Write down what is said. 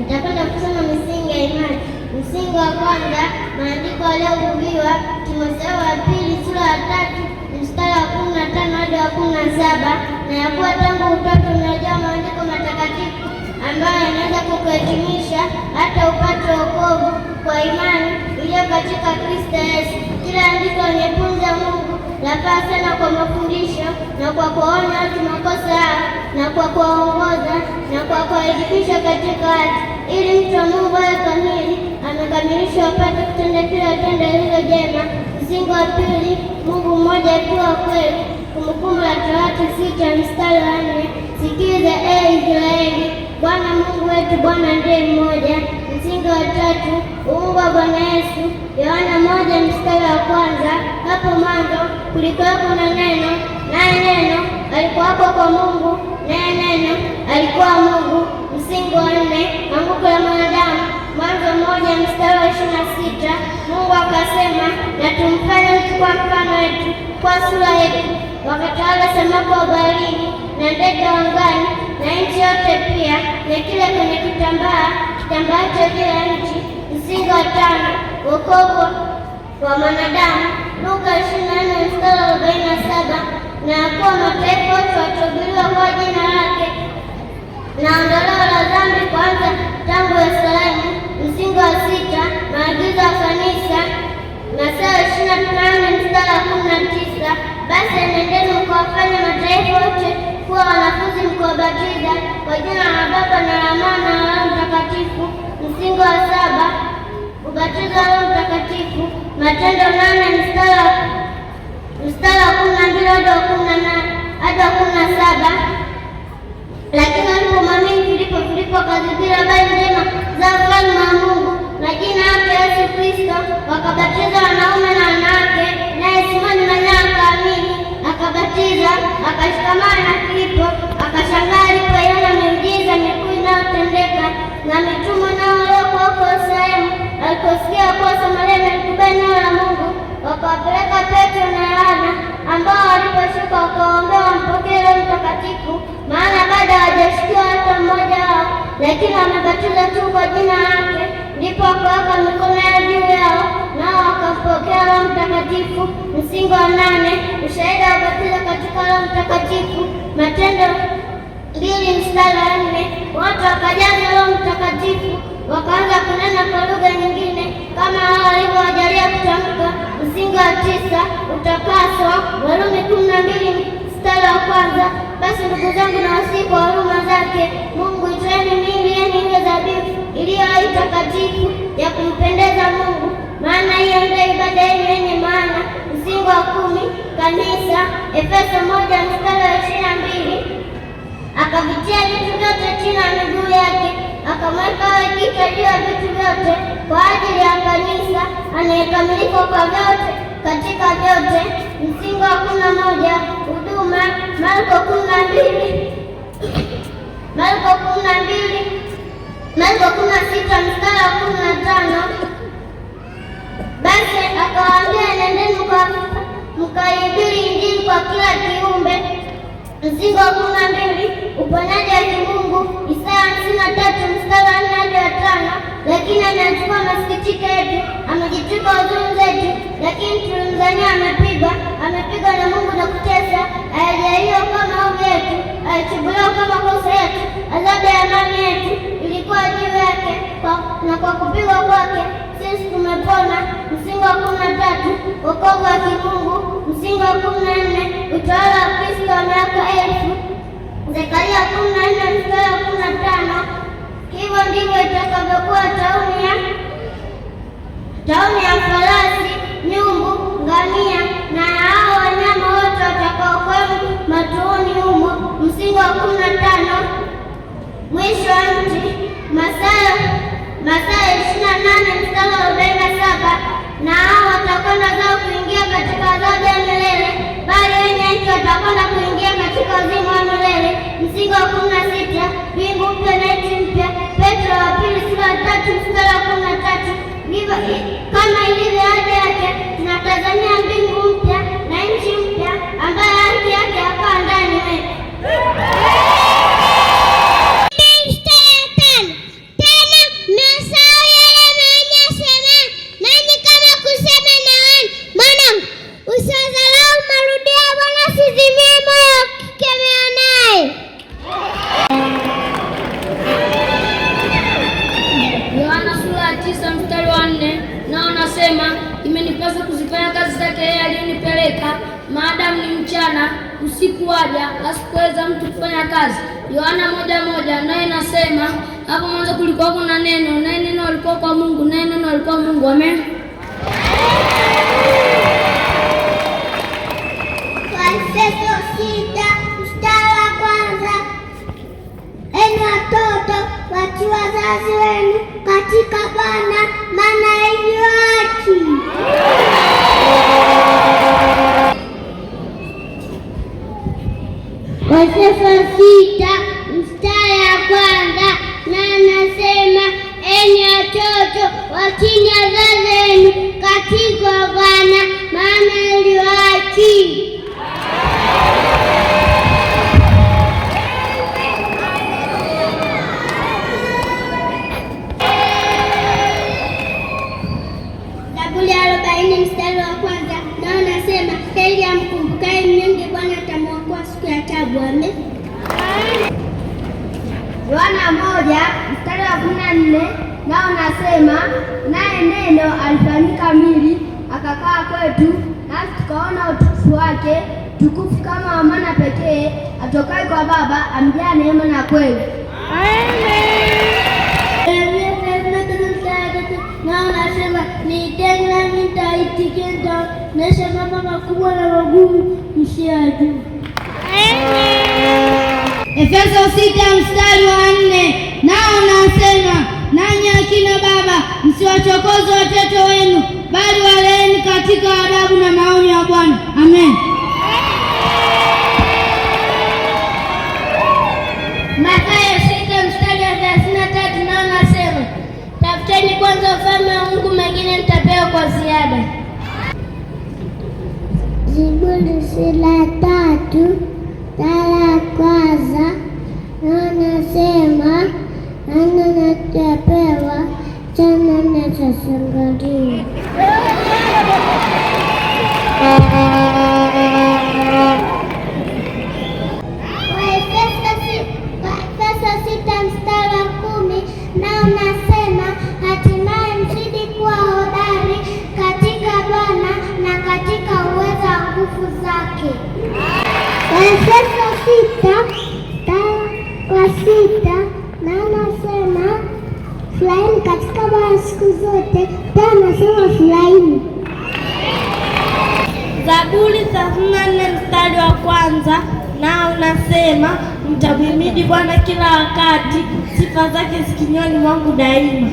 utapata kusoma misingi ya imani. Msingi wa kwanza, maandiko yaliyohubiriwa, Timotheo wa pili sura ya tatu mstari wa kumi na tano hadi wa kumi na saba na ya kuwa tangu utoto mnajua maandiko matakatifu ambayo yanaweza kukuelimisha hata upate wokovu kwa imani iliyo katika Kristo Yesu. Kila andiko lenye pumzi ya Mungu lafaa sana kwa mafundisho na kwa kuwaonya watu makosa yao na kwa kuwaongoza na kwa kuwaelimisha katika watu ili mtu wa Mungu awe kamili amekamilishwa apate kutenda kila tendo lililo jema. Msingi wa pili, Mungu mmoja wa kweli. Kumbukumbu la Torati sita mstari wa nne sikiza ee Israeli, Bwana Mungu wetu Bwana ndiye mmoja. Msingi wa tatu, uungu wa Bwana Yesu. Yohana moja mstari wa kwanza hapo mwanzo kulikuwako na neno, naye neno alikuwako kwa Mungu, naye neno alikuwa msingi wa nne anguko la mwanadamu, Mwanzo mmoja mstari wa ishirini na sita Mungu akasema, na tumfanye mtu kwa mfano wetu, kwa sura yetu, wakatawala samaki wa baharini na ndege wa angani na nchi yote pia na kile kwenye kitambaa kitambaa cha kila nchi. Msingi wa tano wokovu wa mwanadamu, Luka ishirini na nne mstari wa arobaini na saba na kuwa mataifa yote watahubiriwa kwa jina lake na Senendeni mkawafanye mataifa wote kuwa wanafunzi, mkiwabatiza kwa jina la Baba na la Mwana na Roho Mtakatifu. Msingi wa saba, ubatizo wa Roho Mtakatifu. Matendo nane mstari wa kumi na mbili hadi wa kumi na saba lakini walipomwamini Filipo, Filipo akazihubiri habari njema za ufalme wa Mungu na jina lake Yesu Kristo, wakabatizwa wanaume na wanawake akabatiza, akashikamana na Filipo, akashangaa alipoiona miujiza mikuu inayotendeka. Na mitume nao waliokuwa huko Yerusalemu waliposikia kuwa Samaria imelikubali neno la Mungu, wakawapeleka Petro na Yohana, ambao waliposhuka wakawaombea wampokee Roho Mtakatifu, maana bado hawajashikiwa hata mmoja wao, lakini wamebatiza tu kwa jina lake. Ndipo akaweka Mtakatifu, msingi wa nane, ushahidi wa ubatizo katika Roho Mtakatifu, Matendo mbili mstari wa nne, watu wakajaza Roho Mtakatifu wakaanza kunena kwa lugha nyingine kama hao walivyowajalia kutamka. Msingi wa tisa, utakaso, Warumi kumi na mbili mstari wa kwanza, basi ndugu zangu na wasihi kwa huruma zake Mungu, itweni miili yenu iwe dhabihu iliyo hai takatifu ya kumpendeza Mungu maana hiyo ndio ibada yenu yenye maana. Msingi wa kumi, kanisa. Efeso moja mstari wa ishirini na mbili akavitia vitu vyote chini ya miguu yake, akamweka awe kichwa juu ya vitu vyote kwa ajili ya kanisa, anayekamilika kwa vyote katika vyote. Msingi wa kumi na moja, huduma. Marko kumi na mbili Marko kumi na mbili Marko kumi na sita mstari wa kumi na tano kwa kila kiumbe. mzingo wa kumi na mbili uponaji wa kimungu, Isaya hamsini na tatu mstari wa nne hadi wa tano lakini ameachukua masikitiko yetu, amejitwika huzuni zetu, lakini tulimdhania amepigwa, amepigwa na Mungu na kuteswa. ayajaliwa kwa maovu yetu, alichubuliwa kwa makosa yetu, adhabu ya amani yetu ilikuwa juu yake, na kwa kupigwa kwake sisi tumepona. mzingo wa kumi na tatu na kumi na nne utawala wa Kristo wa miaka elfu Zekaria kumi na nne mstari wa kumi na tano hivyo ndivyo itakavyokuwa tauni ya tauni ya farasi, nyumbu, ngamia na hao wanyama wote watakaokwemo matuuni humo. msingo wa kumi na tano mwisho wa nchi Mathayo ishirini na nane mstari wa arobaini na saba na hao watakwenda zao kuingia katika adhabu ya milele ಸಂಸ್ಕಾರವನ್ನು touch ನೀವು ಕಮ್ಮ ಇಲ್ಲಿ ಯಾಕೆ ಯಾಕೆ ನಟದಲ್ಲಿ ಅಲ್ಲಿ ಮುಖ್ಯ ನೈನ್ ಶಿಂಪ್ಯ ಅಂಬ ಯಾಕೆ ಯಾಕೆ ಅಪ್ಪ ಅಂದ ನೀವೇ kuzeeka, maadamu ni mchana, usiku waja, asikuweza mtu kufanya kazi. Yohana moja moja naye nasema hapo mwanzo kulikuwa kuna neno, naye neno alikuwa kwa Mungu, naye neno alikuwa Mungu. Amen. Waefeso sita mstari wa kwanza, enyi watoto wati wazazi wenu katika Bwana, maana yeye ni haki. wa sita mstari ya kwanza na anasema, enyi watoto watiini wazazi wenu katika Bwana, maana aliwaachia Yohana moja mstari wa kumi na nne nao nasema, naye neno alifanyika mwili akakaa kwetu, nasi tukaona utukufu wake, tukufu kama wa mwana pekee atokaye kwa Baba, amejaa neema na kweli. Nao nasema, niiteni nami nitaitikia, nitawaonesha mambo makubwa na magumu msiyajua. Efeso sita mstari wa nne nao nasema nanyi akina baba msiwachokoze watoto wenu, bali waleeni katika adabu na maonyo ya Bwana. Amen. Mathayo sita mstari wa thelathini na tatu nao nasema tafuteni kwanza ufalme wa Mungu, mengine mtapewa kwa ziada. Ziburi sura tatu mara ya kwanza anasema ana nachopewa chana nachosungulia zote tano sema furahini. Zaburi thelathini na nne mstari wa kwanza nao unasema mtamhimidi Bwana kila wakati, sifa zake zikinywani mwangu daima.